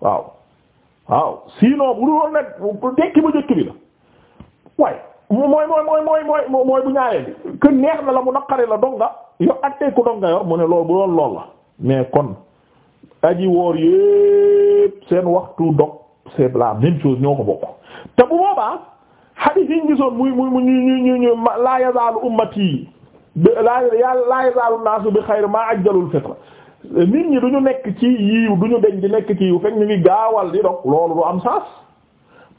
waaw waaw sinon bu dul nag tekki bu njëkk bi la waaye mooy mooy mooy mooy mooy mooy bu ñaareel bi neex na la mu naqari la dong nga yor attee ku dong mu ne loolu bu doon lool la mais kon aji woor yépp seen waxtu dog c'est la même ñoo ko bokk te bu boobaa hadith yi gisoon muy mu ñu ñu ñu ñu laa yazaalu ummati laa laa yazaalu naasu bi xayri maa ajjalul fitra nit ñi duñu nekk ci yiw du ñu deñ di nekk ci yiw fekk ñu ngi gaawal di dog loolu du am sens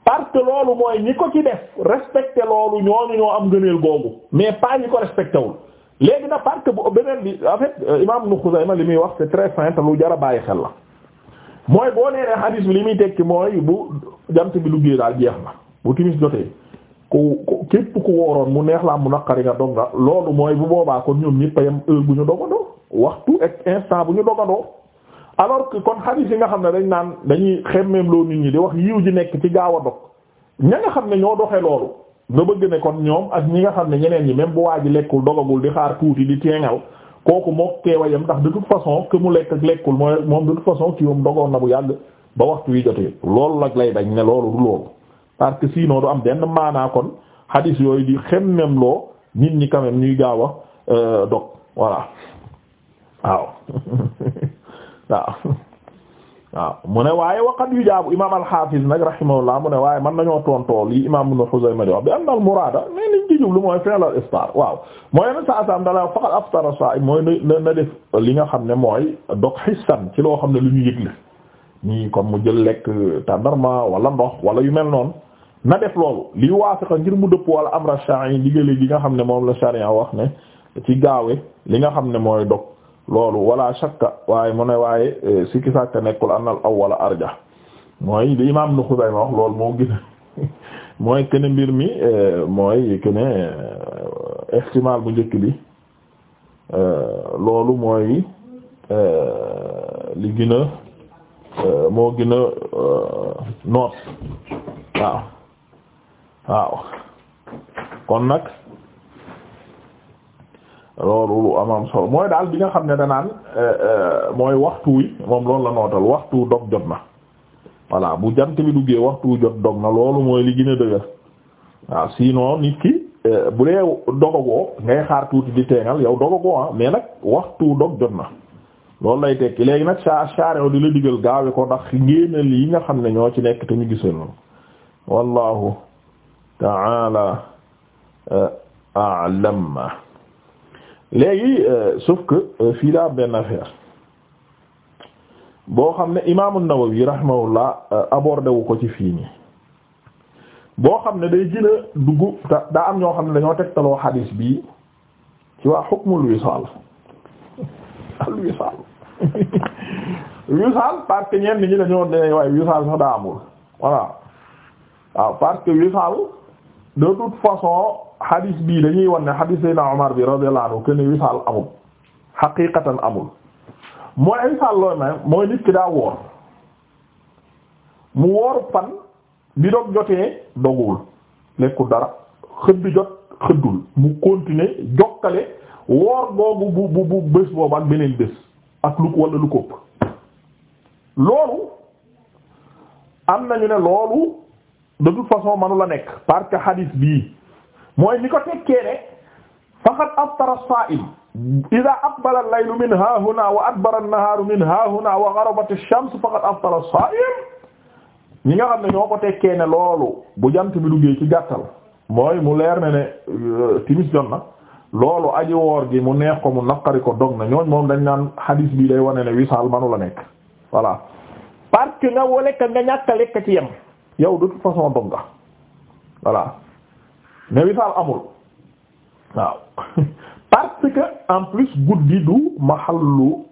parce que loolu mooy ñi ko ci def respecté loolu ñooñu ñoo am gëneel googu mais pas ñi ko respecté léegi nag parce que beneen bi en fait euh, imam nu ma li muy wax c'est très fin lu jar a bàyyi xel la mooy boo nee ne bi li muy tekki mooy bu jant bi duggee daal jeex na bu timis jotee ku képp ku wooroon mu neex la mu naqari nga dog nga loolu mooy bu boobaa kon ñoom ñëpp a yem heure bu ñu dogandoo waxtu ak instant bu ñu dogandoo alors que kon xadiis yi nga xam ne dañ naan dañuy xemmeem loo nit ñi di wax yiw ji nekk ci gaaw a dog ña nga xam ne ñoo doxee loolu nga bëgg ne kon ñoom ak ñi nga xam ne ñeneen ñi même bu waa ji lekkul dogagul di xaar tuuti di teengal kooku moo keewa yam ndax de toute façon que mu lekk ak lekkul mooy moom de toute façon na bu yàgg ba wi jotee loolu nag lay dañ ne loolu du parce que sinon du am benn maanaa kon hadis yooyu di xemmem loo nit ñi quand même ñuy gaaw a euh, dog voilà waaw waaw waaw mu ne waaye waqad yujaabu imaam al-Hafiz nag rahimahullah mu ne waaye man nañoo tontoo li imaam Ibn Xuzayma di wax bi anna al-muraada mais liñ ci jublu mooy fi'l al-iftaar waaw mooy yenn saa saam da la faqad aftara saa'im mooy na na def li nga xam ne mooy dog xissan ci loo xam ne lu ñu yëgle ñii comme mu jël lekk tàndarma wala ndox wala yu mel noonu na def loolu li waafiqa ngir mu dëpp wala amra shari digale gi nga xam ne moom la sharia wax ne ci gaawe li nga xam ne mooy dog loolu wala shakka waaye mu ne waaye eh, sikki sàkka nekkul annal awwala arja mooy li imam nu Xuzayma wax loolu moo gën mooy kene mbir mi eh, mooy kene eh, ihtimal bu njëkk bi loolu mooy li gën Euh, moo gën a euh, noot waaw waaw kon nag loolu lu amam solo mooy daal bi nga xam ne danaan euh, mooy waxtu wi moom loolu la nootal waxtu dog jot na voilà bu jant bi duggee waxtu jot dog na loolu mooy li gën dëgër waaw sinon nit ki bu dee dogagoo ngay xaar tuuti di teengal yow dogagoo ah mais nag waxtu dog jot na loolu lay tekki léegi nag sa shario di la digal gaawe ko ndax ngéenal yi nga xam ne ñoo ci nekk te ñu gisal wallahu ta'ala eh, a'lam léegi eh, sauf que eh, fii daa benn affaire boo xam ne imaamu Nawawi rahimahullah abordé wu ko ci fii nii boo xam ne day gën a dugg daa am ñoo xam ne dañoo tegtaloo xadiis bii ci waa xukmul wisaal al wisaal wisaal parce ñeen ñenn ñi dañoo dee waaye wisaal sax daa amul voilà waaw parce que wisaal de toute façon hadis bii dañuy wan ne hadis Seydina Omar bi la anhu que ne wisaal amul xaqiqatan amul mooy wisaal looy may mooy nit ki daa woor mu wooru fan bi dog jotee doguwul lekkul dara xëdd jot xëddul mu continuer jokkale woor googu bu bu bu bés boobu ak beneen bés ak lu wala lu loolu am nañu ne loolu de toute façon manu la nekk parce que hadith bi mooy ni ko tekkee ne faqad aftara as-sa'im idha aqbala al-laylu min hahuna wa adbara an-naharu min hahuna wa gharabat ash-shams faqad aftara as-sa'im ñi nga xam ne ñoo ko tekkee ne loolu bu jant bi duggee ci gàttal mooy mu leer ne ne euh, timis jot na loolu aji woor gi mu neex ko mu naqari ko dog na ñooñ moom dañ naan hadis bii day wane ne wisaal manu la nekk voilà parce que nga walekka nga ñàkka lekk ci yem yow de toute façon dog nga voilà ne wisaal amul waaw parce que en plus guddi du mahallu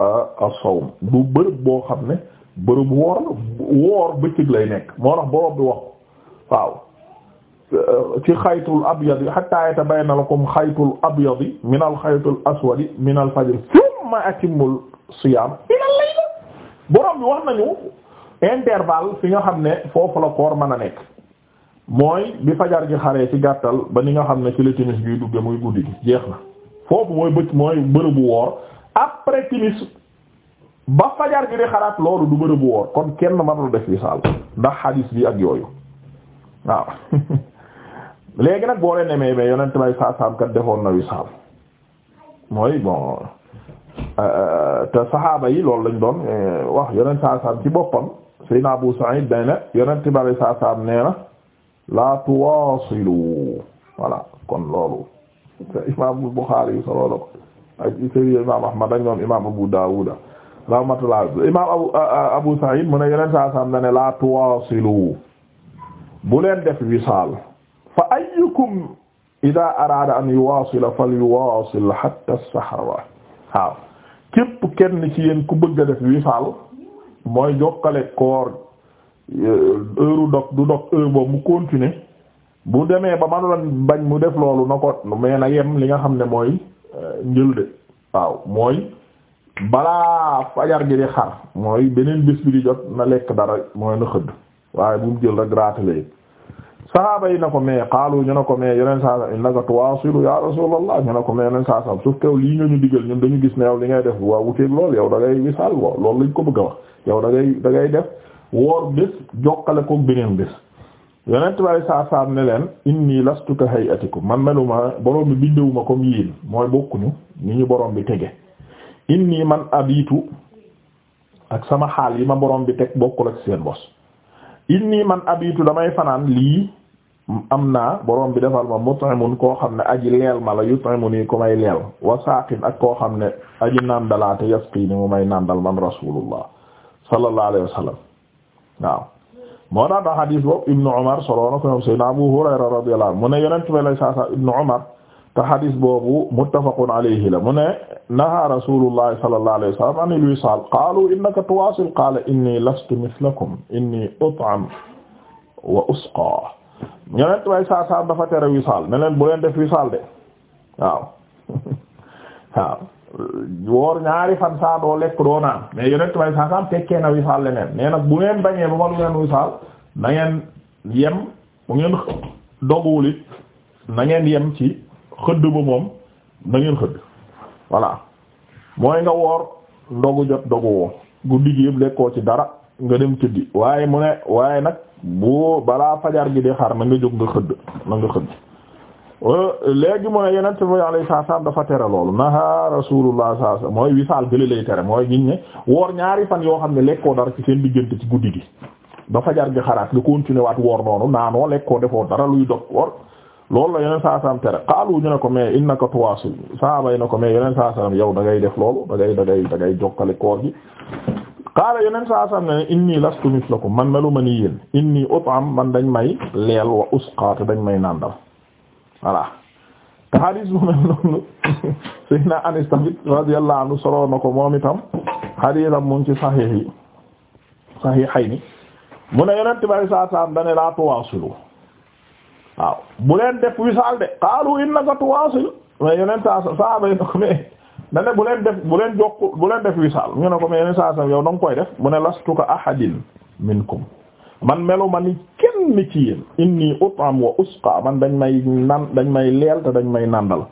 euh, as-sawm du bërëb boo xam ne bërëb woor woor bëccëg lay nekk moo tax borom bi wax waaw ci xaytul abyadi hatta yatabayyana lakum xaytul abyadi minal xaytul aswadi minal fajr thumma atimmul siyaam ilal layl borom bi wax nañu intervalle fi nga xam ne foofu la koor mën a nekk mooy bi fajar gi xaree ci gàttal ba ni nga xam ne ci la timis biy dugge muy guddi gi jeex na foofu mooy bëcc mooy bërëbu woor après timis ba fajar gi di xaraat loolu du bërëbu woor kon kenn mënul def wisaal ndax hadis bi ak yooyu waaw léegi nag boo leen demee mais yonent bay saasaam kat defoon na wisaam mooy bon euh, euh, te saxaaba yi loolu lañ doon euh, wax yonent saasaam ci boppam Seydina Abu Sa'id day ne yonent bay saasaam nee na la tuwaasilu voilà kon loolu imaamul Buxaari yu solo la ko ak sëriñ imaam Ahmad ak ñoom imaam Abu Daawud rahmatullah imaam Abu Abu Sa'id mu ne yonent saasaam da ne la tuwaasilu bu leen def wisaal fa ayyukum ida araada yu yuwaasila falyuwaasil hatta as-sahra waaw képp kenn ci yéen ku bëgg a def wisaal mooy jokkale koor euh, heure dog heure boobu mu continuer bu demee ba manu la bañ mu def loolu na ko mais na yem li nga xam ne mooy euh, njël de waaw mooy balaa fajar gi di xar mooy beneen bés bi di jot na lekk dara mooy na xëdd waaye bu mu jël rek raatale sahaaba yi na ko mais xaalu ñu ne ko mais yeneen saasam innaka tuwaasilu ya rasulallah ñu ne ko mais yeneen saasam suuf kaw lii nga ñu digal ñun dañu gis na yow li ngay def waa wuteeg lool yow da ngay wisaal bo loolu ko bëgg a wax yow da ngay da ngay def woor bés jokkale ko beneen bés yeneen tubaab saasaam ne leen inni lastu ka hay'atikum man meluma borom bi bindewuma comme yéen mooy bokkuñu ñu ñu borom bi tege inni man abitu ak sama xaal yi ma borom bi teg bokkul ak seen bos inni man am naa borom bi defal ma mut'imun koo xam ne aji leel ma la yut'imuni ku may leel wa saqin ak koo xam ne aji nàndalaate yasqini mu may nàndal man rasulullah sallallahu alayhi wa sallam waaw moo tax da xadiis boobu ibnu umar solo na ko ñoom sayyidina abu hurayra radiyallahu anhu mu ne yonent bi lay saa saa ibnu umar te xadiis boobu muttafaqun alayhi la mu ne naha rasulullah sallallahu alayhi wa sallam anil wisaal qaalu innaka tuwaasil qaala inni lastu mislakum inni ut'am wa usqa ñeneen way saa saa dafa tere wisaal ne bu leen def wisaal de waaw woor ñaari fan saa doo lekk doo naan mais yonent bay saasam tekkee na wisaal leneen mais bu ngeen bañee ba ma lu ngeen wisaal na yem bu ngeen doguwul it na yem ci xëdd ba moom na ngeen xëdd voilà mooy nga woor ndogu jot dogu woo guddi gi yëpp lekkoo ci dara nga dem tëddi waaye mu ne waaye nag boo balaa fajar gi di xar na nga jóg nga xëdd na nga xëdd euh, léegi mu ne yeneen sallallahu alayhi wasallam dafa tere loolu na rasulullah sallallahu alayhi wasallam mooy wisaal gële lay tere mooy ñiñ ne woor ñaari fan yoo xam ne lekkoo dara ci seen diggante ci guddi gi ba fajar gi xaraat nga continuer waat woor noonu naanoo lekkoo defoo dara luy dog woor loolu la yeneen saasaam tere xaalu ñu ne ko mais innaka tuwasil saaba yi ne ko mais yeneen saasaam yow da ngay def loolu da ngay da da ngay jokkale koor qaala yeneen saa saam ne inni lastu mislakum man melu ma ni inni ut'am man dañ may leel wa usqa te dañ may nàndal voilà te hadis bu mel noonu Seydina Anas tamit radiyallahu anhu soloo na ko moom itam hadisam mu ngi ci sahih yi sahihayni mu ne yeneen tibari saa dane laa tuwaasilu waaw bu def wisaal de qaalu innaka tuwaasil mais yeneen saaba yi ko mais da bu leen def bu leen jokk bu leen def wisaal ñu ne ko mais yeneen saa yow danga koy def mu ne lastuka ahadin minkum man melu ma ni kenn ci yéen inni utam wa usqa man dañ may nan dañ may leel te dañ may nandal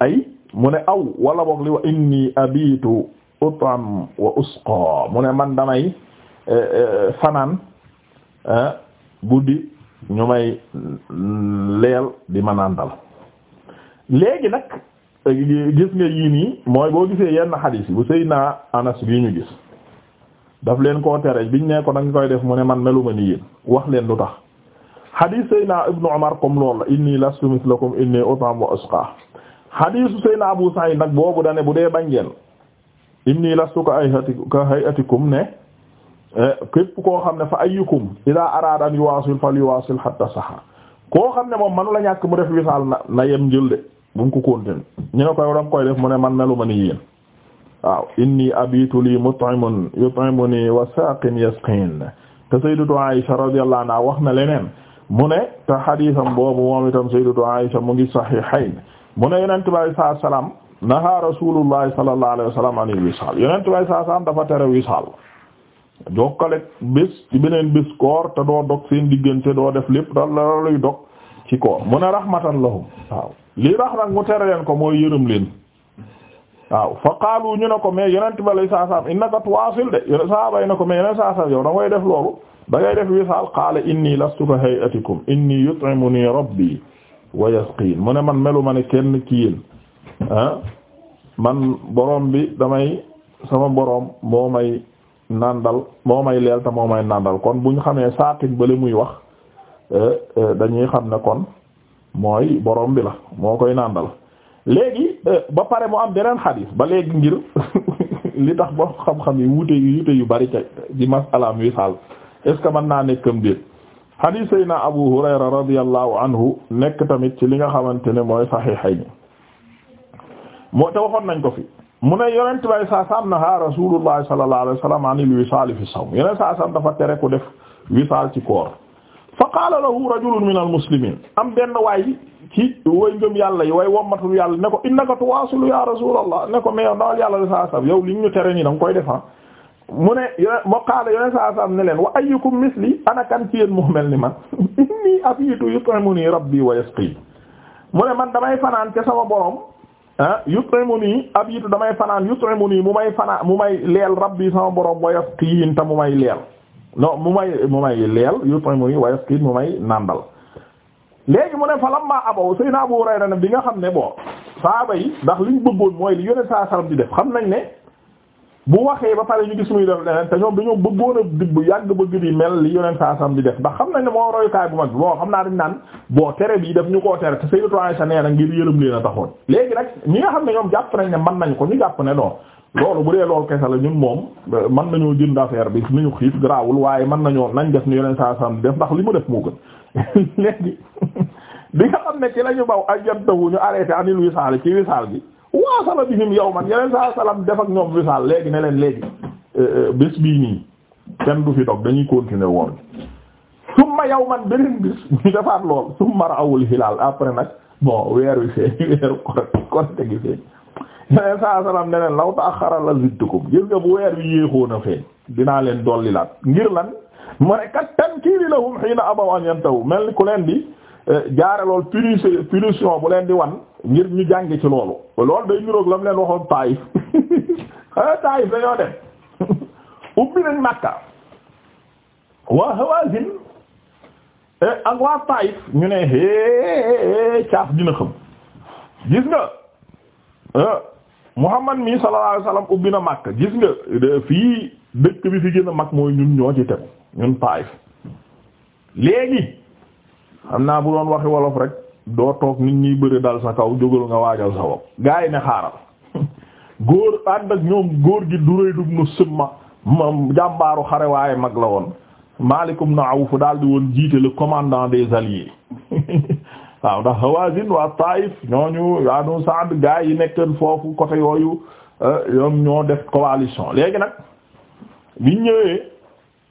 ay mu ne aw wala boog li wa inni abitu utam wa usqa mu ne man damay eh, eh, fanaan eh, guddi ñu may leel di ma nandal léegi nag gis nga yii nii mooy boo gisee yenn xadiis bu bu naa Anas bi ñu gis daf leen koo tere biñ ne ko danga def mu ne man meluma ni wax leen lu tax xadiis Seydina Ibnu Umar comme loolu la inni lastu mislakum inni ut'am wa usqa xadiisu Seydina Abu nag boobu dane bu dee bañ ngeen inni lastu ka hayatikum ka hayatikum ne eh, képp koo xam ne fa ayyukum idaa araada an yuwaasil fal yuwaasil hatta sahar koo xam ne moom manu la ñàkk mu def wisaal na na yem njël de bu mu ko continuer ñu ne koy danga koy def mu ne man melu ma ni yéen waaw inni abitu li mut'imun yut'imuni wa saqin yasqin te sayyidatu Aisha radiyallahu anha wax na leneen mu ne te xadiisam boobu moom itam sayyidatu Aisha mu ngi sahihayn mu ne yonent bi sallallahu alayhi wa sallam naha wisaal yonent bi sallallahu dafa tere wisaal jokkale bés ci beneen bés koor te doo dog seen diggante doo def lépp dal la luy dog ci koor mu ne lii tax nag mu tere leen ko mooy yërëm leen waaw fa qaalu ñu ne ko mais yonent ba lay saasaam innaka tuwaasil de yone saabay na ko mais yonent saasaam yow da ngay def loolu da ngay def wisaal qaala inni lastu ka hay'atikum inni yut'imuni rabbi wa mu ne man melu ma ne kenn ci yéen ah man borom bi damay sama borom moo may nandal moo may leel te moo may nandal kon bu ñu xamee saatin bale muy wax eh, eh, dañuy xam ne kon mooy borom bi la moo koy nàndal léegi euh, ba pare mu am beneen xadiis ba léegi ngir li tax ba xam-xam yi wuute wuute yu bari ca ci masala misaal est ce que mën naa nekkam déet xadiis sayna Abu Hurayra radiyallahu anhu nekk tamit ci li nga xamante ne mooy saxiixayni moo te waxoon nañ ko fi mu ne yonent bay saa sam naha Rasulullah sallallahu alayhi wa sallam anil wisaal fi sawm yeneen dafa tere ku def wisaal ci koor fa qaala lahu rajulun min al muslimin am benn waay ci way ngëm yàlla yi way wommatul yàlla ne ko innaka tuwaasilu ya rasulallah ne ko mais yow yàlla la saa sam yow li ñu tere nii da koy defan ah. mu ne mo qaala yoneen saa sam ne leen wa ayyukum misli ana ci yéen moo mel ni man inni afiitu yut'imuni rabbi wa yasqi mu ne man damay fanaan ca sama borom ah yut'imuni abiitu damay fanaan yut'imuni mu may fanaan mu may leel rabbi sama borom wa yasqi mu may leel non mu may mu may leel yu toy muy waaye skiit mu may nàndal léegi mu ne falam maa abaw Seydina Abu Hurayra bi nga xam ne bon saaba yi ndax liñ bëggoon mooy li yonent saa salam di def xam nañ ne bu waxee ba pare ñu gis muy def leneen te ñoom dañoo bëggoon a dibb yàgg bëgg di mel li yoneen saa sam def ndax xam nañ ne moo royukaay bu mag bi xam naa dañ naan boo tere bi daf ñu ko tere te Sayyidatu Aisha nee na ngir yërëm leen a taxoon léegi nag ñi nga xam ne ñoom jàpp nañ ne man nañ ko ñu jàpp ne non loolu bu dee loolu kese la ñun moom mën nañoo jënd affaire bi nañu xiif garaawul waaye mën nañoo nañ def ni yoneen saa sam di def ndax li mu def moo gën léegi bi nga xam ne ci la ñu baw ak jantawu ñu arrêté bi waasala bihim yawman yeneen saa salaam def ak ñoom misaal léegi ne leen léegi euh, euh, bés bii nii kenn du fi dog dañuy continuer woon summa yawman beneen bés ñu defaat lool summa ra'awul hilaal après nag bon weer wi feeñ weeru korite gi feeñ yeneen saa salaam ne leen law ta'akhkhara la zidtukum gis nga bu weer wi yéexoon a feeñ dinaa leen dolli laat ngir lan mu ne kat tankiiri lahum hiina abaw an yantahu mel ni ku leen di euh, jaare lool punition bu leen di wan. ngir ñu jàng ci loolu lool day niroog la mu leen waxoon Taïf ah, Taïf dañoo dem ubbi nañ Makka waa Hawazin eh, ak waa Taïf ñu ne hee caaf dina xam gis nga eh, Muhammad mi sallallahu alayhi wasallam ubbi na Makka gis nga fii dëkk bi fi gën a mag mooy ñun ñoo ci tegu ñun Taïf léegi xam naa bu doon waxi wolof rek doo toog nit ñi bëri dal sa kaw jógal nga waajal sa bopp gaa yi ne xaaral góor ànd ak ñoom góor gi du rëy dum nu sëmma moom jàmbaaru xare waaye mag la woon Malik ibn Awf dal di woon jiite le commandant des alliés waaw ndax Hawazin waa Taif ñooñu yaanu Saad gaa yi nekkoon foofu côté yooyu eh, ñoom ñoo def coalition léegi nag biñ ñëwee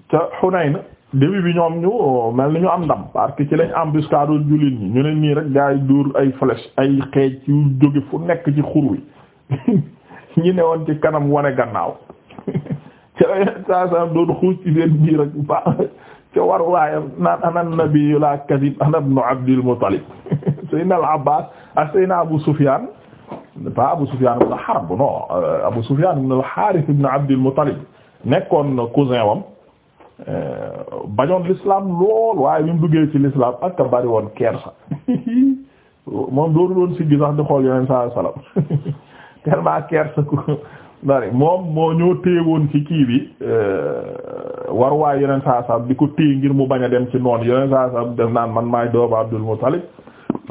ca Hunayn début bi ñoom ñu mel ni ñu am ndam parce que ci lañ embuscade jullit ñi ñu ne nii rek gaa yi dóor ay flèche ay xeej yu jóge fu nekk ci xur wi ñi ne woon ci kanam ware gannaaw ca saa saa doon xuus ci seen biir war waayam naan ana nabiyyu la kadib ana ibnu Abdil Muttalib Seydina al Abbaas ak Seydina Abu Sufyaan pas Abu Sufyaan ibn Harb non Abu Sufyaan ibn al Haaris ibn Abdil Muttalib nekkoon cousin wam bañoon l'islam lool waaye bi mu duggee ci l'islam ak a bari woon kersa moom dooru doon siggi sax di xool yeneen saa salaam tellement kersa ku bari moom moo ñoo téye woon ci kii bi euh, war waaye yeneen saa salaam di ko téye ngir mu bañ a dem ci noon yeneen saa salaam def naan man maay doomu Abdul Muttalib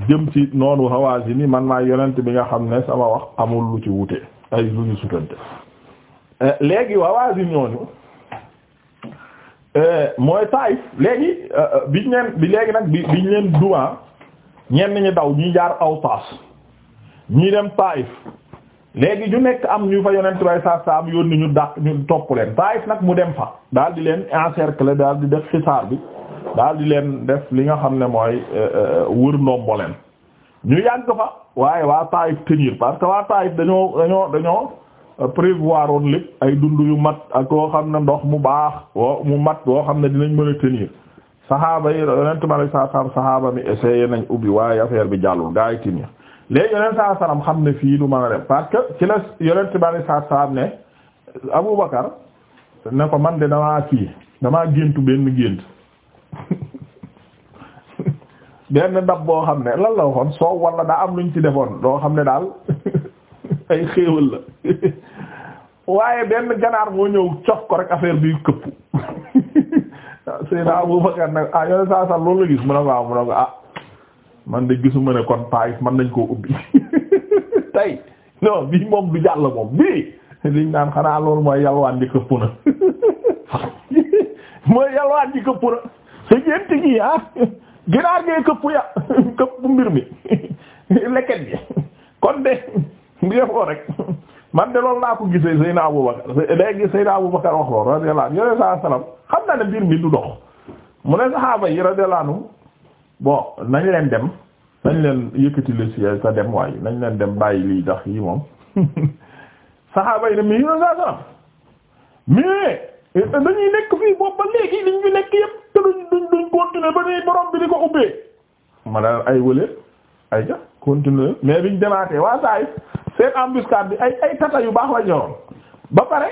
jëm ci noonu Hawazini man maay yonent bi nga xam ne sama wax amul lu ci wute ay lu ñu sutante euh, léegi Hawazini ñooñu Euh, mooy Taif léegi euh, euh, biñ leen bi léegi nag bi biñ leen duwaa ñenn ñi daw ñi jaar Awtaas ñii dem Taif léegi ñu nekk am ñu fa yonent bay sa sam yónni ñu dàq ñu topp leen Taif nag mu dem fa daal di leen encercler daal di def xisaar bi daal di leen def li nga xam ne mooy wër ndombo leen ñu yàgg fa waaye waa Taif tenir parce que waa Taif dañoo dañoo dañoo prévoir woon lépp ay dund yu mat ak koo xam ne ndox mu baax woo mu mat woo xam ne dinañ mën a tenir saxaaba yi yonent ma la ubbi waaye affaire bi jàllul gaa yi tenir léegi yonent saa saam xam ne fii du mën a dem parce que ci la yonent ma la saa saam ne ne ko man de damaa kii damaa géntu benn gént benn ndab boo xam ne lan la waxoon soow wala daa am luñ ci defoon loo xam ne daal. ay xéewal la waaye benn ganaar moo ñëw cof ko rek affaire bi këpp ah, Seydina Abu Bakar nag ah yooyu saa saa la gis mu ne ko ah mu ne ko ah man de gisuma ne kon Taif man nañ koo ubbi tey non bii moom du jàll moom bii liñ naan xanaa loolu mooy yalwaan di këpp na mooy yalwaan di këpp na sa gént gi ah ginaar gee këpp ya këpp mbir mi leket gi kon de ngéefoo rek man de loolu laa ko gisee Seydina Abubakar day gis Seydina Abubakar wax loolu radiyallahu anhu yoneen saa xam na ne mbir mi du dox mu ne saxaaba yi radiyallahu anhu bon nañ leen dem nañ leen yëkkati le siège sa dem waaye nañ leen dem bàyyi lii ndax yi moom saxaaba yi ne mais yoneen saa dañuy nekk fii boobu ba léegi liñ fi nekk yëpp te duñ duñ duñ continuer ba nii borom bi di ko ubbee ma daal ay wële ay ja continuer mais biñ demaatee waa saa seen embuscade bi ay ay tata yu baax lañ ba pare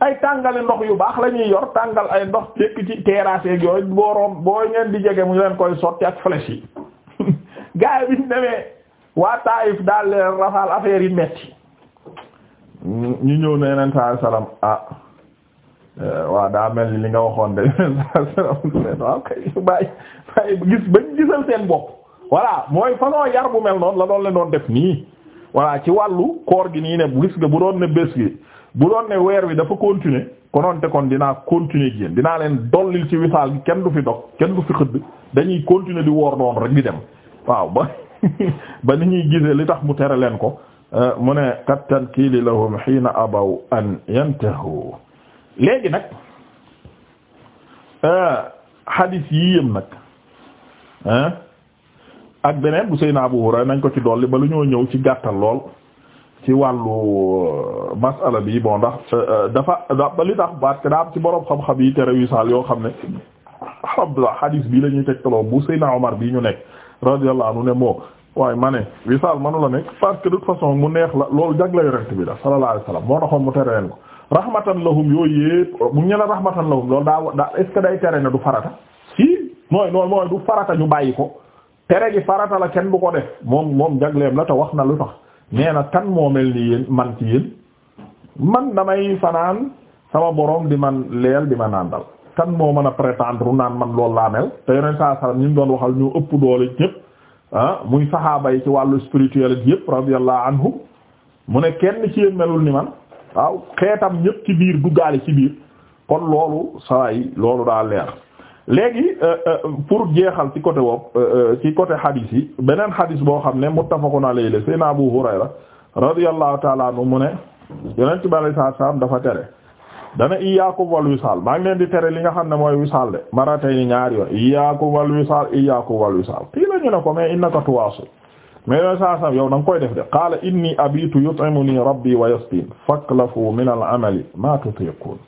ay tàngale ndox yu baax yor tàngal ay ndox fekk ci terrasse yooyu boo room boo ngeen di jege mu leen koy sotti ak flèche yi gars bi ñu demee waa Taïf daal leen rafal affaire yi metti ñu ñëw ne yeneen saa ah euh, waa daa mel ni li nga waxoon de saa salaam waaw gis bañ gisal seen bopp voilà mooy fanoo yar bu mel noonu la doon leen doon def nii. voilà ci wàllu koor gi nii ne gis nga bu doon ne bés gi bu doon ne weer wi dafa continuer konoonte kon dinaa continuer génn dinaa leen dollil ci wisaal gi kenn du fi dog kenn du fi xëdd dañuy continuer di woor noonu rek di dem waaw ba ba ni ñuy gisee li tax mu tere leen ko euh, mu ne kat tankiili lahum xiina abaw an yantahu léegi nag euh, hadis yi yëm nag ak beneen bu Seydina Abu Hurayra nañ ko ci dolli ba lu ñoo ñëw ci gàttal lool ci wàllu euh, masala bi bon ndax euh, dafa da ba li tax parce que daa am ci borom xam-xam yi tere yu yoo xam ne alhamdulilah hadis bii la ñuy tegtaloo bu Seydina Omar bii ñu nekk radiyallahu anhu ne moo waaye ma ne wisaal manu la nekk parce que de toute façon mu neex la loolu jagle yonent bi la sallallahu alayhi wasallam moo taxoon mu tere leen ko rahmatan lahum yooyu yëpp mu ñe la rahmatan lahum loolu daa daa est ce du farata si mooy nooy mooy ñu bàyyi ko tere gi farata la kenn bu ko def moom moom jagleem la te wax na lu tax nee na kan moo mel ni yéen man ci yéen man damay fanaan sama borom di man leel di ma nàndal kan moo mën a prétendre naan man lool laa mel te yeneen saa salam ñu doon waxal ñu ëpp doole ñépp ah muy saxaaba yi ci wàllu spirituel yépp radiyallahu anhu mu ne kenn ci yéen melul ni man waaw xeetam ñépp ci biir duggaale ci biir kon loolu saa loolu daa leer. léegi euh, euh, pour jeexal ci côté wopp euh, ci côté xadis yi beneen xadis boo xam ne muttafaqun alayhi la sayna Abu Hurayra radiyallahu ta'ala anhu mu ne yonent bi alayhi salaatu salaam dafa tere dana iyyaakum wal wisaal maa ngi leen di tere li nga xam ne mooy wisaal de maratayni ñaari yoon iyyaakum wal wisaal iyyaakum wal wisaal kii la ñu ne ko mais innaka tuwaasul mais yonent saa salaam yow da nga koy def de qaala inni abiitu yut'imuni rabbi wa yasqin faklafu min al amali ma tutiqun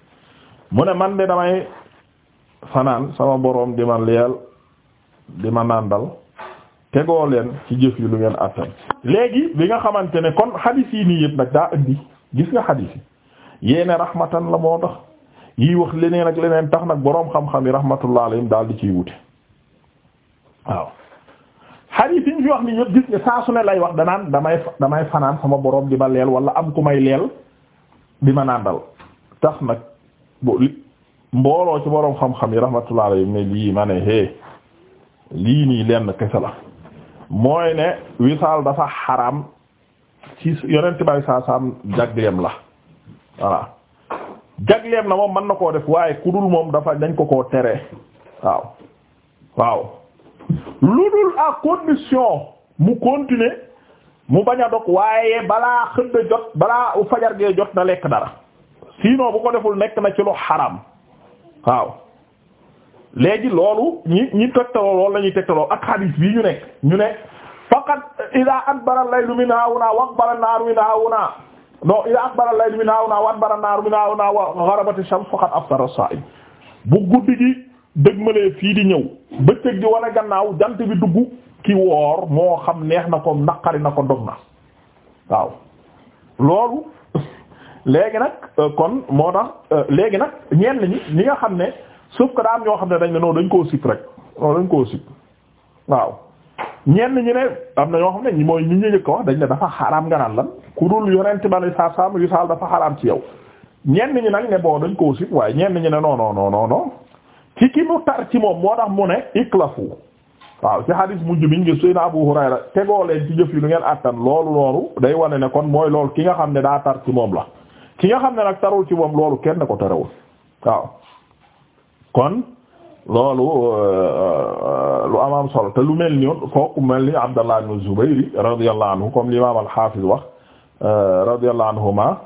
mu fanaan sama boroom di ma leel di ma nàndal tegoo leen ci jëf yi lu ngeen attan léegi bi nga xamante ne kon xadiis yi nii yëpp nag daa indi gis nga xadiis yi yéene la moo tax yii wax leneen ak leneen tax nag boroom xam-xam yi rahmatullah alayhim daal di ciy wute waaw xadiis yi ñu fi wax nii yëpp gis nga saa su ne lay wax danaan damay damay fanaan sama boroom di ma leel wala am ku may leel di ma nàndal tax nag mbooloo ci woroom xam-xam yi rahmatullah alayhi lii ma ne hee lii nii lenn kese la mooy ne wisaal dafa xaram si yonent bay saa saam jagleem la voilà jagleem la moom mën na koo def waaye ku dul moom dafa dañ ko koo tere waaw waaw lu dul à condition mu continuer mu bañ a dog waaye balaa xëdd jot balaa fajar gee jot na lekk dara sinon bu ko deful nekk na ci lu xaram waaw léegi loolu ñi ñi tegtaloo loolu la ñuy tegtaloo ak xadiis bi ñu nekk ñu ne faqat ida adbara al-laylu min haahunaa wa aqbala an-naaru min haahunaa non ida adbara al-laylu min haahunaa wa adbara an-naaru min haahunaa wa gharabat ash-shams faqad aftara as-saa'im bu guddi gi dëgmalee fii di ñëw bëccëg di wala gannaaw jant bi dugg ki woor moo xam neex na ko naqari na ko dog na waaw loolu léegi nag euh, kon moo tax euh, léegi nag ñeen ñi ñi nga xam ne sauf ko daam ñoo xam ne dañ ne noonu dañ koo sip rek noonu dañ koo sip waaw ñenn ñi ne am na ñoo xam ne ñi mooy ñu njëkk wax dañ ne dafa xaraam nga naan lan ku dul yonent ba saa saam yu saal dafa xaraam ci yow ñenn ñi nag dañ koo sip waaye ñenn ñi ne non non non ki mu tar moo ne iklafu waaw ci hadis mujj biñ gis Seydina Abu Hurayra tegoo leen ci jëf yi lu ngeen attan loolu day wane ne kon mooy loolu ki nga xam ne daa tar ci moom la. ki nga xam ne nag tarul ci moom loolu kenn ko terewul waaw kon loolu euh, euh, lu amaam solo te lu mel ni yoon fooku mel ni Abdallah ibn Zubayr radiyallahu anhu comme l'imam al-Hafiz wax euh, radiyallahu anhuma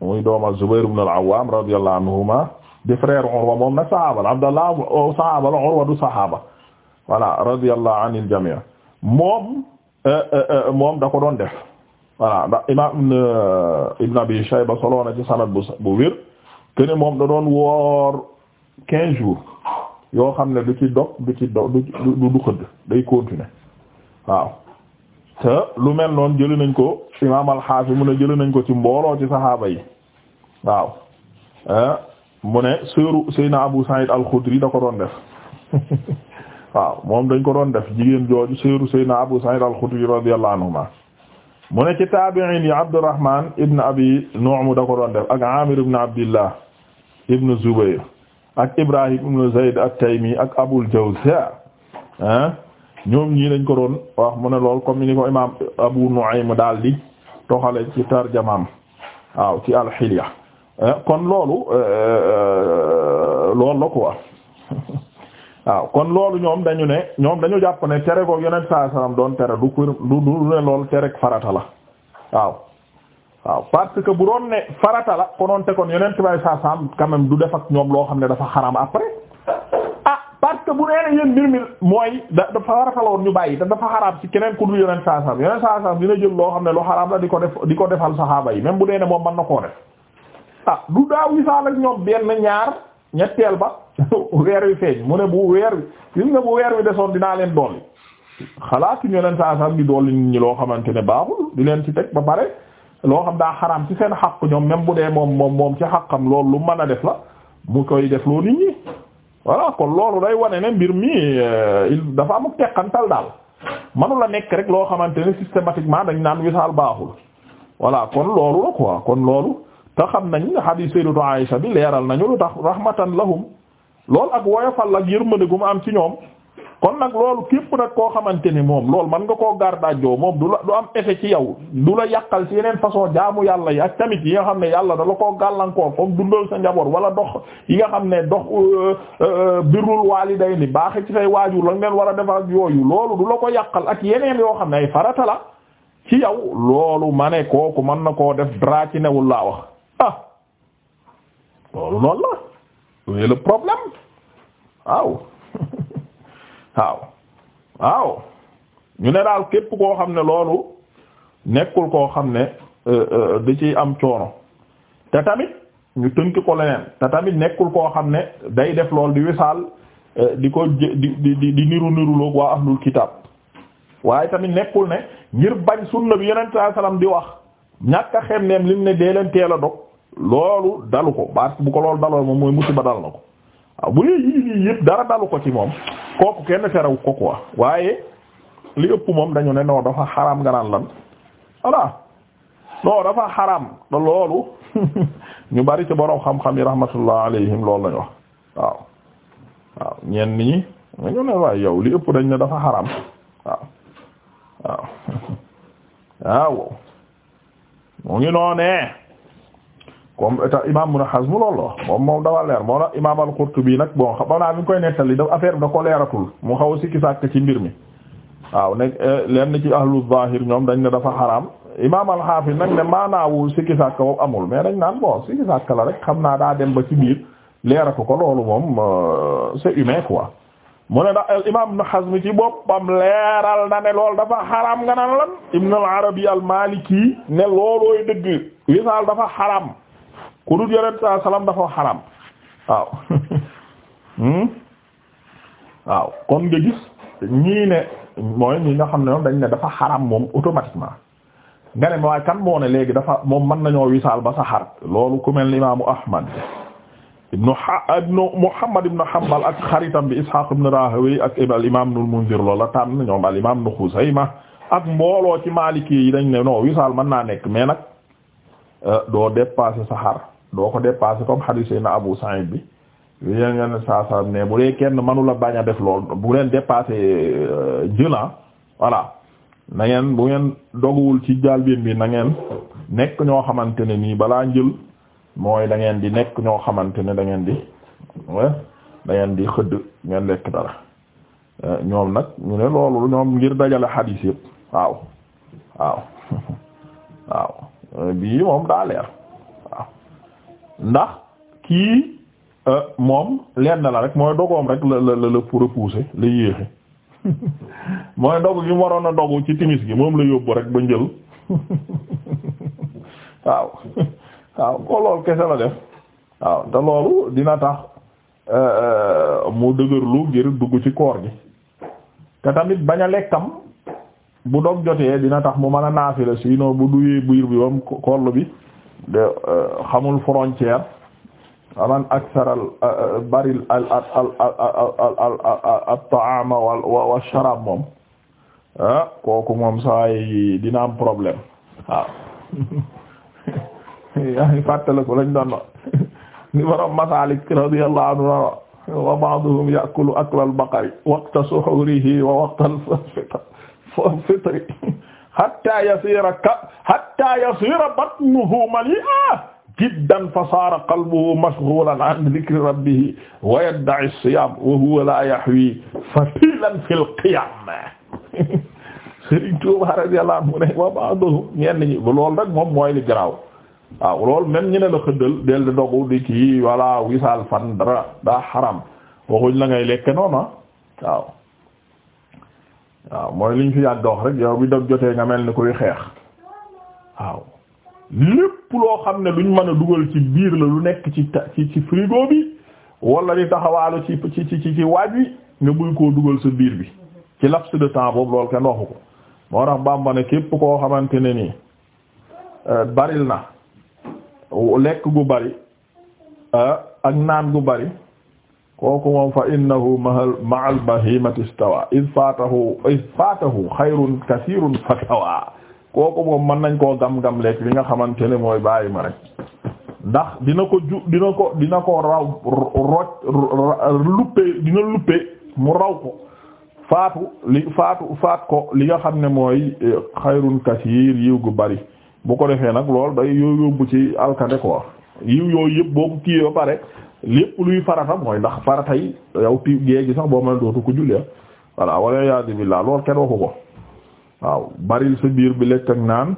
muy dooma Zubayr ibn al-Awwam radiyallahu anhuma di frère Urwa moom nag sahaaba la Abdallah sahaaba la Urwa du sahaaba voilà radiyallahu anil jami' moom moom da ko doon voilà ndax imam ibn euh, abi shayba soloona ci sanad bu bu wér kene moom da doon woor quinze jours yoo xam ne du ci dog du ci dog du xëdd day continuer waaw te lu mel noonu jëli nañ ko imam al-Hafiz mu ne jëli nañ ko ci mbooloo ci saxaaba yi waaw eh, mu ne seeru Seyna Abu Sa'id al-Khudri da ko doon def waaw moom dañ ko doon def jigéen jooju seeru Seyna Abu Sa'id al-Khudri radiyallahu anhuma mu ne ci taabi'in yi Abdurrahman ibn Abi Nu'm da ko doon def ak Amir ibn Abdillah ibn Zubayr ak Ibrahim ibn Zayd at-Taymi ak Abul Jawza ah, ñoom ñii lañ ko doon wax ne lool comme ni ko imaam Abu Nu'aym daal di toxale ci tarjamaam waaw ci al-Hilya eh, kon loolu eh, eh, loolu la quoi waaw kon loolu ñoom dañu ne ñoom dañu jàpp ne tere ko yonent saa salaam doon tere du ko du ne loolu tere farata la waaw waaw parce que bu doon ne farata la konoon te kon yonent baay saa salaam du def ak ñoom loo xam ne dafa xaram après ah parce que bu nee ne yéen mbir mi mooy da dafa farata la ñu bàyyi dafa xaraam ci keneen ku dul yonent saa salaam yonent saa salaam dina jël loo xam ne lu xaraam la di ko def di ko defal saxaaba yi même bu nee ne moom mën na koo def ah du daaw ñaar. ñetteel ba weer wi feeñ mu ne bu weer wi gis nga bu weer wi desoon dinaa leen dolli xalaatuñu leen saa sax di dolli nit ñi loo xamante ne baaxul di leen ci teg ba pare loo xam daa xaraam ci seen xaq ñoom même bu dee moom moom moom ci xaqam lool lu man a def la mu koy def loo nit ñi voilà kon loolu day wane ne mbir mi euh, dafa amuk teqantal daal manu la nekk rek loo xamante ne systématiquement dañ naan wisaal baaxul voilà kon loolu la quoi kon loolu. te xam nañ hadith sayyidatu Aisha bi leeral nañu lu tax rahmatan lahum loolu ak woyofal ak yërmande gu mu am ci ñoom kon nag loolu képp nag koo xamante ni moom loolu mën nga koo gardaajoo moom du la du am effet ci yow du la yàqal ci yeneen façon jaamu yàlla yi ak yi nga xam ne yàlla da la koo gàllankoor comme dundal sa njaboot wala dox yi nga xam ne dox euh, euh, birrul waalidayni baaxe ci say waajur la ngeen war a defar ak yooyu loolu du la ko yàqal ak yeneen yoo xam ne ay farata la ci yow loolu ma ne kooku mën na koo def dra ci newul laa wax ah loolu noonu la c'est le problème waaw waaw ñu ne daal képp koo xam ne loolu nekkul koo xam ne euh, euh, da ciy am coono te tamit ñu tënk ko leneen te tamit nekkul koo xam ne day def lool di wisaal euh, di ko di di di niru niruloog waa ahlul kitab waaye tamit nekkul ne ngir bañ sunna bi yonent sallam di wax ñàkk a xem neem lim ne dee leen teel a dog loolu dalu ko parce bu ko loolu daloo moom mooy musiba dal na ko waaw bu dee yii nii yëpp dara dalu ko ci moom kooku kenn terew ko quoi waaye li ëpp moom dañu ne non dafa xaram nga naan lan voilà non dafa xaraam loolu ñu bari ci boroom xam-xam yi rahmatullah alayhim loolu lañu wax waaw waaw ñenn ñi dañu ne yow li ëpp dañ dafa xaraam comme état imaam Ibn Hazm loolu la moom moom dafa leer moo tax imaam al-Qurtubi nag bon xam naa bi ñu koy nettali dafa affaire bi da ko leeratul mu xaw a sikki sàkk ci mbir mi waaw ne eh, leen ci ahlu zahir ñoom dañ ne dafa xaraam imaam al-Hafiz nag ne maanaawu sikki sàkk boobu amul mais dañ naan bon sikki la rek xam naa daa dem ba ci biir leeratu ko loolu moom euh, c'est humain wa mu ne da eh, imaam Ibn Hazm ci boppam leeral na ne loolu dafa xaraam nga naan lan Ibn al-Arabi al-Maliki ne loolooy dëgg wisaal dafa ku dul yonent saa salaam dafa xaram waaw hmm? waaw kon nga gis ñii ne mooy ñi nga xam ne moom dañ ne dafa xaram moom automatiquement nga ne waaye kan moo ne léegi dafa moom mën nañoo wisaal ba saxaar loolu ku mel ni imaamu Ahmad ibnu Muhammad ibnu Hanbal ak xaritam bi Ishaq ibnu Rahawayh ak al imaam Ibnul Munzir loola tànn ñoom al imaam Ibnu Xuzayma ak mbooloo ci Maaliki yi dañ ne non wisaal mën naa nekk mais nag euh, doo dépasser saxaar doo ko dépassé comme hadith na Abu Sa'id bi li leen nga ne ne bu dee kenn manula bañ a def lool bu leen dépassé euh, jëlan ah, voilà na ngeen bu ngeen doguwul ci jaalbeen bi nangeen nekk ñoo xamante ne nii balaa njël mooy da ngeen di nekk ñoo xamante ne da ngeen di dangeen di xëdd ngeen lekk dara euh, ñoom nag ñu ne loolu ñoom ngir dajale hadith yëpp waaw waaw waaw euh, bii moom daa leer ndax kii euh, moom lenn la rek mooy dogoom rek la la la pour repousser la yéexe mooy dogu gi mu waroon a dogu ci timis gi moom la yóbbu rek ba njël waaw waaw ko lool kese la def waaw te loolu dina tax euh, euh, mu dëgër lu ngir dugg ci koor gi te tamit bañ a lekkam bu dog jotee dina tax mu mën a naafila sinon bu duyee biir bi bam koll bi de xamul frontière aman akthar al baril al al al al ta'am wal wa sharab moom ah kooku moom saa yi dina am problème waaw yaa ngi fàttale ko lañ doon ni borom Masaalik radiyallahu anhu wa ba'duhum ya'kulu akla al baqari waqta suhurihi wa waqta al fitri hatta yasira ka hatta yasira batnuhu mali'an jiddan fa sara qalbuhu mashghulan an dhikri rabbih wa yadda'i as-siyam wa huwa la yahwi fatilan fil qiyam Sëriñ Tuuba radiyallahu anhu ne wa ba'duhum ñenn ñi loolu rek moom mooy li garaaw waaw loolu même ñu ne la xëddal del di dogu di kii walla wisaal fan dara daa xaram waxuñ la ngay lekke noonu ah. waaw waaw mooy liñ fi yàgg wax rek yow bi dog jotee nga mel ni kuy xeex waaw lépp loo xam ne duñ mën a dugal ci biir la lu nekk ci ci ci frigo bi wala di taxawaalu ci ci ci ci waaj wi nga buy koo dugal sa biir bi ci laps de temps boobu loolu kenn waxu ko moo tax Bàmba képp koo xamante ne nii euh, baril na lekk gu bari euh, ak naan gu bari kooku moom fa innahu ma'a al-bahimati istawa iz fatahu iz fatahu xayrun kasirun fatawa kooku moom mën nañ koo gam-gam lekk li nga xamante ne mooy bàyyi ma rek ndax dina ko ju dina ko dina ko raw roj luppe dina luppe mu raw ko faatu li faatu faat ko li nga xam ne mooy eh, xayrun kasir yiw gu bari bu ko defee nag lool day yoo yóbbu ci alkande quoi yiw yooyu yëpp boo kii ba pare lépp luy farata mooy ndax farata yi yow ti géegi sax boo mën a dootu ko julli ah voilà wala yaa billah lool kenn waxu ko waaw baril sa biir bi lekk ak naan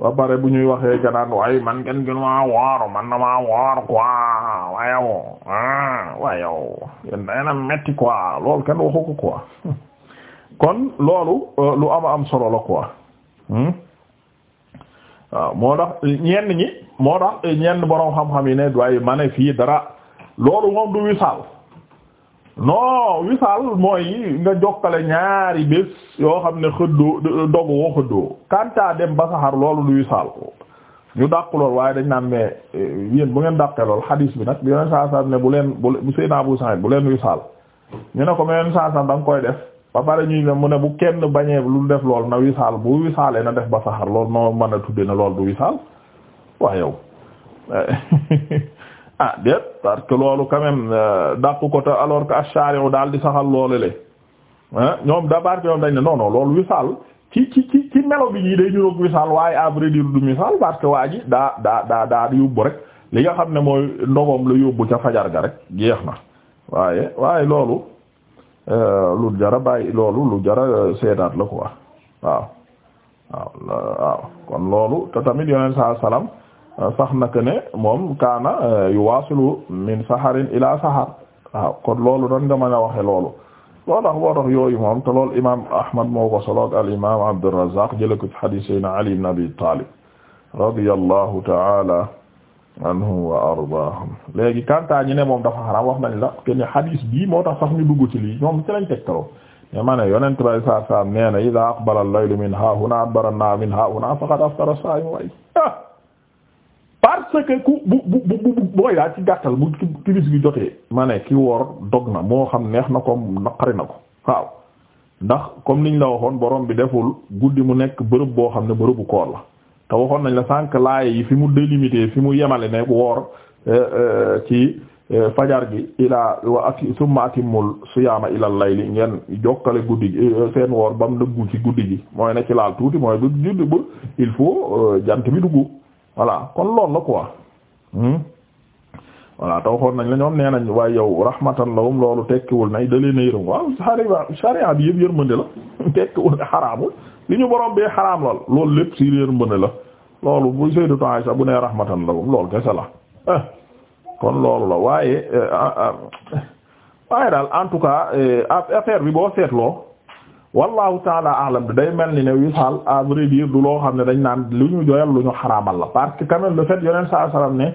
ba pare bu ñuy waxee ganaan waaye man kenn gën maa woor man na maa woor ko quoi kon loolu euh, lu hmm? waaw moo tax ñenn ñi moo tax ñenn borom xam-xam yi ne waaye ma fii dara loolu moom du wisaal non wisaal mooy nga jokkale ñaari bés yoo xam ne xëddoo dogu woo xëddoo kanta dem ba saxar loolu du wisaal ñu dàq lool waaye dañ naan mais eh, yéen bu ngeen dàqee lool xadiis bi nag bi yeneen saa ne bu leen bu Seydina Abu Sa'id bu leen wisaal ñu ne ko mais yeneen saa koy def ba pare ñuy ne mu ne bu kenn bañee lu def lool na wisaal bu wisaalee na def ba saxar lool noo mën a tudde na lool du wisaal waa yow ah déet parce que loolu quand daq euh, dàqu ko te alors que ash daal di saxal loolu le ñoom da parce que ñoom dañ ne non non loolu wisaal ci ci ci ci bi ñii day niroog wisaal waaye à vrai dire du misaal parce que waa ji daa daa daa daa yóbbu rek li nga xam ne mooy ndogoom la yóbbu ca fajar ga rek jeex na waaye waaye loolu euh, lu jara bàyyi loolu lu jara euh, seetaat la ko waaw waaw waaw kon loolu te tamit yoneen saa salaam. sax naka ne moom kaana euh, yuwaasilu min saharin ila sahar waaw loolu nan nga mën a waxe loolu loolu tax boo tax yooyu moom te lool imam ahmad moo ko soloog al imam abdourazaq jële ko ci hadise sayna ali ibn abi talib radiyallahu taala anhum wa ardaahum léegi kantaa ñi ne moom dafa xaram wax nañ la kenn hadis bii moo tax sax ñu dugg ci lii ñoom ci lañ tegtaloo mais ma ne yonent bay saa saam nee na idaa aqbala al min haahunaa adbara an min haahunaa faqad aftara as-saa'im parce que ku bu bu bu bu booy daal ci gàttal bu timis bi jotee. ma ne woor dog na moo xam neex na ko naqari na ko waaw comme niñ la waxoon borom bi deful guddi mu nekk bërëb boo xam ne bërëbu koor la te waxoon nañ la sànq laay yi fi mu délimité fi mu yemale ne woor euh, euh, ci euh, fajar gi ilaa wa ati summa atimul siyaama ilal layli ngeen jokkale guddi gi seen woor ba mu dëggu ci guddi gi mooy ne ci laal tuuti mooy du juddi bu il faut jant bi duggu voilà kon lool la quoi hmm? voilà taw xool nañ la ñoom nee nañ waaye yow rahmatan lahum loolu tekkiwul nay dalee na yërëm waaw sariya sariya bi yëpp yërmande la tekkiwul ne xaraamul li ñu borom bee xaraam lool loolu lépp si yërmande la loolu bu Sayyidatu Aisha bu nee rahmatan lahum loolu kese la eh, kon loolu la waaye eh, ah, ah, eh, waaye daal en tout cas affaire bi boo seetloo wallahu taala alam day mel ni ne wisaal à vrai dire du loo xam ne dañ naan lu ñu joyal lu ñu xaraamal la parce que quand même le fait yoneen saa salaam ne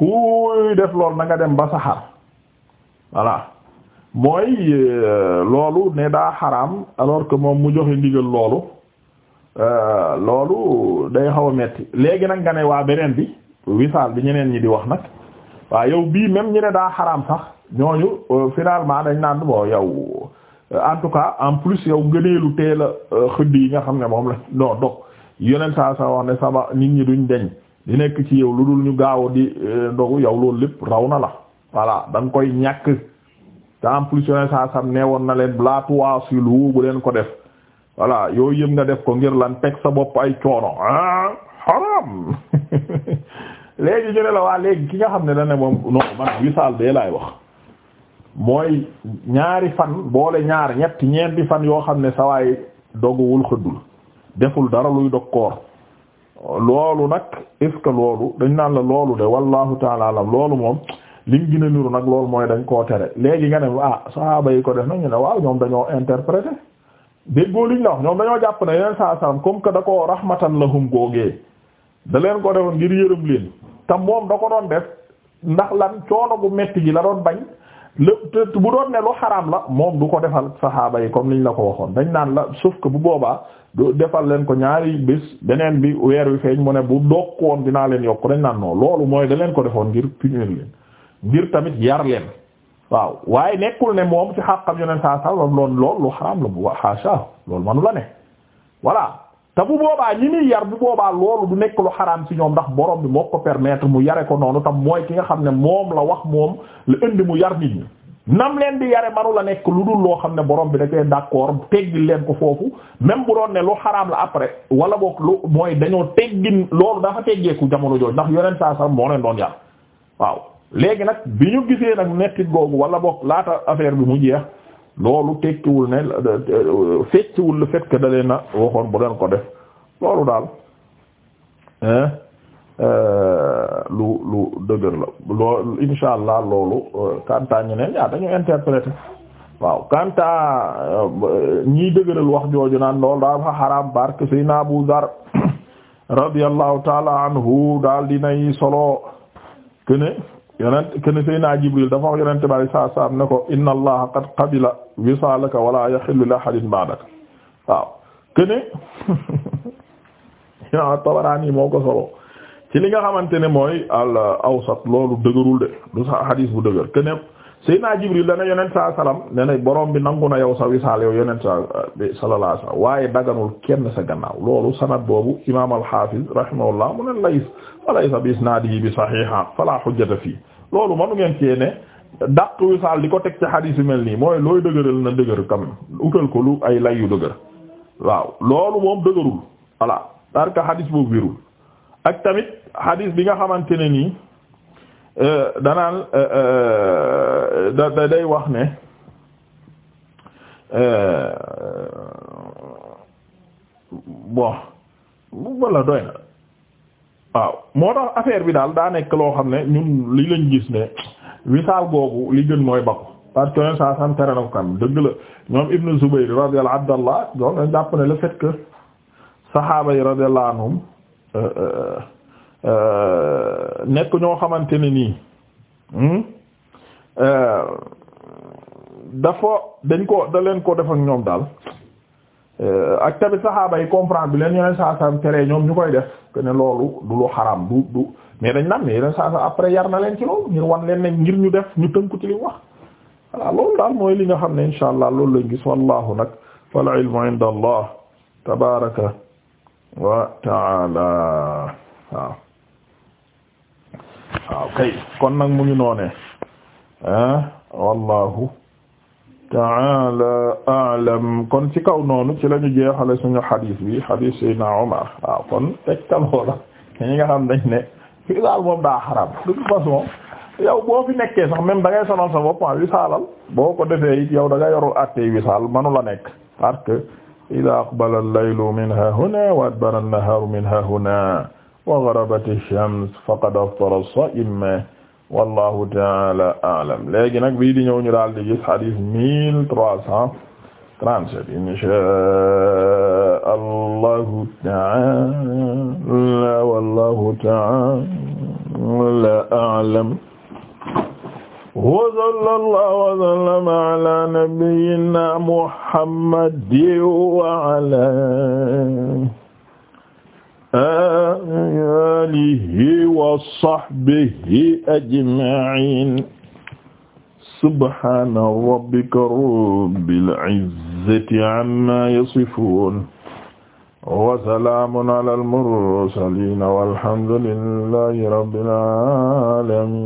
kuy def loolu na nga dem ba saxar voilà mooy euh, loolu ne daa xaraam alors que moom mu joxe ndigal loolu euh, loolu day xaw a metti léegi nag nga ne waa beneen bi wisaal bi ñeneen ñi di wax nag waa yow bii même ñi ne daa xaraam sax ñooñu euh, finalement dañ naan bon yow Euh, en tout cas en plus yow gëneelu teel la euh, xëdd yi nga xam ne moom la non dog yeneen saa sa wax ne sama nit ñi duñ deñ di nekk ci yow lu dul ñu gaaw di euh, ndogu yow loolu lépp raw na la voilà da koy ñàkk te en plus yeneen saa sam nee woon na leen blaatuwaa si lu bu leen ko def voilà yooyu yëpp nga def ko ngir lan teg sa bopp ay coono ah haram léegi ñu ne la waa léegi ki nga xam ne da ne moom non man wisaal bee laay wax mooy ñaari fan boole ñaar ñett ñeenti fan yoo xam ne sawaay doguwul xëddul deful dara luy dog koor loolu nag est ce loolu dañ naan la loolu de wallahu taala alam loolu moom liñ gën a niru nag loolu mooy dañ koo tere léegi nga ne ah sahaaba yi ko def nag ñu ne waaw ñoom dañoo interpréter déggoo liñ la wax ñoom dañoo jàpp na yeneen saa salam comme que da ko rahmatan lahum googee da leen ko defoon ngir yërëm leen te moom da ko doon def ndax lan coono bu metti gi la doon bañ lépp bu doon ne lu xaraam la moom du ko defal saxaaba yi comme niñ la ko waxoon dañ naan la sauf ko bu boobaa du defal leen ko ñaari bés beneen bi weer wi feeñ mu ne bu dokk woon dinaa leen yokk dañ naan non loolu mooy da leen ko defoon ngir punir leen ngir tamit yar leen waaw waaye nekkul ne moom ci xàqam yoneen saa saa loolu loolu lu xaraam la bu xaasa loolu manu la ne voilà te bu boobaa ñi muy yar bu boobaa loolu du nekk lu xaraam ci ñoom ndax boroom bi moo ko permettre mu yare ko noonu tam mooy ki nga xam ne moom la wax moom la indi mu yar nit ñi nam leen di yare manu la nekk lu dul loo xam ne borom bi da koy d'accord teggil leen ko foofu même bu doon ne lu xaraam la après wala book lu mooy dañoo teggin loolu dafa teggeeku jamono jooju ndax yoneen saa sax moo leen doon yar waaw léegi nag bi ñu gisee nag mettit googu wala boog laata affaire bi mu jeex loolu tekkiwul ne fecciwul le fait que waxoon bu leen ko def loolu daal euh, lu lu dëgër la loolu insha allah loolu kanta euh, ñu ne ñaa dañu interpréter waaw kanta euh, ñiy dëgëral wax jooju naan loolu daal fa xaraam barke sayna Abu Dar radiyallahu taala anhu daal dinay solo kene yonent ken Seydina Jibril dafa wax yonent bi saa saa ko inna allaha qad qabila wisaalaka wala yaxillu li ahadin ba'daka waaw kene Tabaraani moo ko ci li nga xamante ne mooy al awsat loolu dëgërul de du sa hadis bu dëgër kene Seydina Jibril dana yonent saa salaam ne na borom bi nangu na yow sa wisaal yow yonent sa sallallahu waaye daganul kenn sa gannaaw loolu sanad boobu imaam al-Hafiz rahimahullah mu ne Layth walaysa bi isnaadihi bi sahiha fala hujjata fii loolu manu ngeen cee ne dàq wisaal di ko teg ci xadiis mel nii mooy looy dëgëral na dëgër quand utal ko lu ay lay yu dëgër waaw loolu moom dëgërul voilà parce xadiis boobu wérul ak tamit xadiis bi nga xamante ne nii euh, danaan euh, euh, da day wax ne bon wala doy na waaw moo tax affaire bi daal daa nekk loo xam ne ñun li lañ gis ne wisaal boobu li gën mooy bakku parce que saa san tere na ko kan dëgg la ñoom Ibn Zubayr radiyallahu abdallah ñoom dañ jàpp ne le fait que saxaaba yi radiyallahu anhum euh, euh, euh, nekk ñoo xamante ne nii hmm, dafa dañ ko da leen ko def ak ñoom daal Euh, ak tamit saxaaba yi comprendre bi leen yoneen saa saam tere ñoom ñu koy def que ne loolu du lu xaram du du mais dañ naan ne yeneen saa saam après yar na leen ci loolu ngir wan leen ne ngir ñu def ñu tënku ci li wax voilà loolu daal mooy li nga xam ne insha allah loolu lañ gis wallahu nag fal ilmu inda allah tabaraka wa taala waaw kay kon nag mu ngi noonee wallahu ta'ala a'lam kon ci kaw noonu ci la ñu jeexale suñu xadiis bi xadiis Seydina Omar waaw kon teg taloo la ñi nga xam dañ ne fii daal moom daa xaram de toute façon yow boo fi nekkee sax même da ngay sonal sa bopp ah, wisaalal boo ko defee it yow da nga yorul attey wisaal manu nekk parce que ida aqbala al-laylu min hahuna wa adbara an-naharu min hahuna wa gharabat ash-shams faqad aftara as-sa'im wallahu taala alam léegi nag bii di ñëw ñu daal di gis hadith mille trois cent trente-sept insha allahu taala wallahu taala alam wa sallallahu wa sallama ala nabiyyina muhammadin wa ala alihi wa sahbihi ajma'in subhana rabbika rabbil izzati amma yasifun wa salamun ala al mursalin walhamdulillahi rabbil alamin